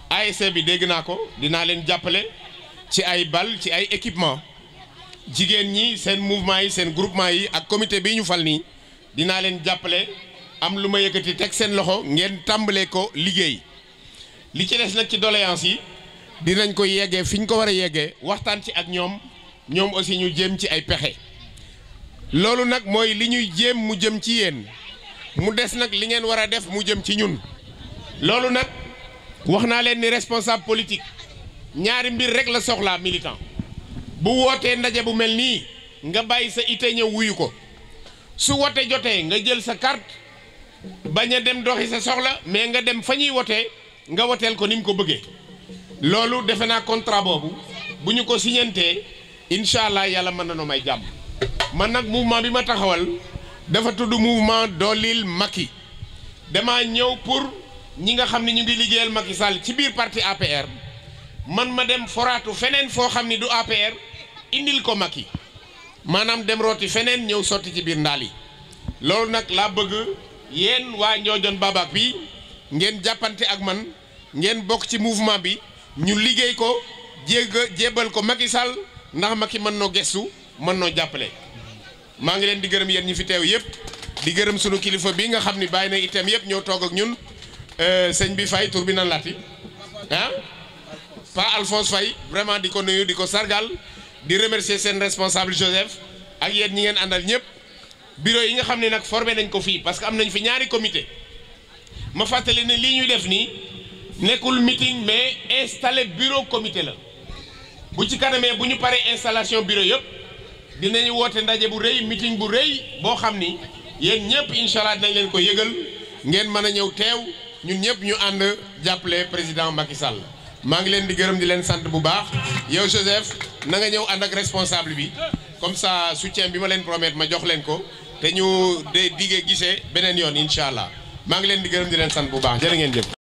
ASC bi dégg naa ko dinaa leen jàppale ci ay bal ci ay équipement jigéen ñi seen mouvement yi seen groupement yi ak comité bii ñu fal nii dinaa leen jàppale am lu ma yëkkati teg seen loxo ngeen tàmbalee ko liggéey li ci des nag ci doléance yi dinañ ko yeggee fi ñu ko war a yeggee waxtaan ci ak ñoom ñoom aussi ñu jéem ci ay pexe loolu nag mooy li ñuy jéem mu jëm ci yéen mu des nag li ngeen war a def mu jëm ci ñun loolu nag wax naa leen ni responsable politique ñaari mbir rek la soxlaa militant bu wootee ndaje bu mel nii nga bàyyi sa ite ñëw wuyu ko su wote jotee nga jël sa carte bañ a dem doxi sa soxla mais nga dem fa ñuy wotee nga woteel ko nim ko bëggee loolu defe naa kontra boobu bu ñu ko signantee incha allah yàlla mën na noo may jàmm man nag mouvement bi ma taxawal dafa tudd mouvement doolil Macky dama ñëw pour ñi nga xam ne ñu di liggéeyal Macky Sall ci biir parti APR man ma dem foraatu feneen foo xam ne du APR indil ko Macky maanaam dem rooti feneen ñëw sotti ci biir ndaal yi loolu nag laa bëgg yéen waa Ndiodione Babac bi ngeen jàppante ak man ngeen bokk ci mouvement bi ñu liggéey ko jégga jébbal ko Macky Sall ndax Macky mën noo gestu mën noo jàppale maa ngi leen di gërëm yéen ñu fi teew yëpp di gërëm sunu kilifa bi nga xam ni bàyyi na itam yëpp ñoo toog ak ñun Euh, sëñ bi Faye tur bi nan laati ah Pa Alphonse Faye vraiment di ko nuyu di ko sargal di remercier seen responsable Joseph ak yéen ñi ngeen àndal ñëpp bureau yi nga xam ne nag formé nañ ko fii parce que am nañ fi ñaari comité ma fàttali ne lii ñuy def nii nekkul meeting mais installé bureau comité la bu ci kanamee bu ñu paree installation bureau yëpp dinañu woote ndaje bu rëy meeting bu rëy boo xam ni yéen ñëpp incha allah dinañ leen ko yëgal ngeen mën a ñëw teew. ñun ñëpp ñu ànd jàppale président Macky Sall maa ngi leen di gërëm di leen sant bu baax yow Joseph na nga ñëw ànd ak responsable bi comme ça soutien bi ma leen promettre ma jox leen ko te ñu de diggee gisee beneen yoon incha allah maa ngi leen di gërëm di leen sant bu baax jërë ngeen jëf.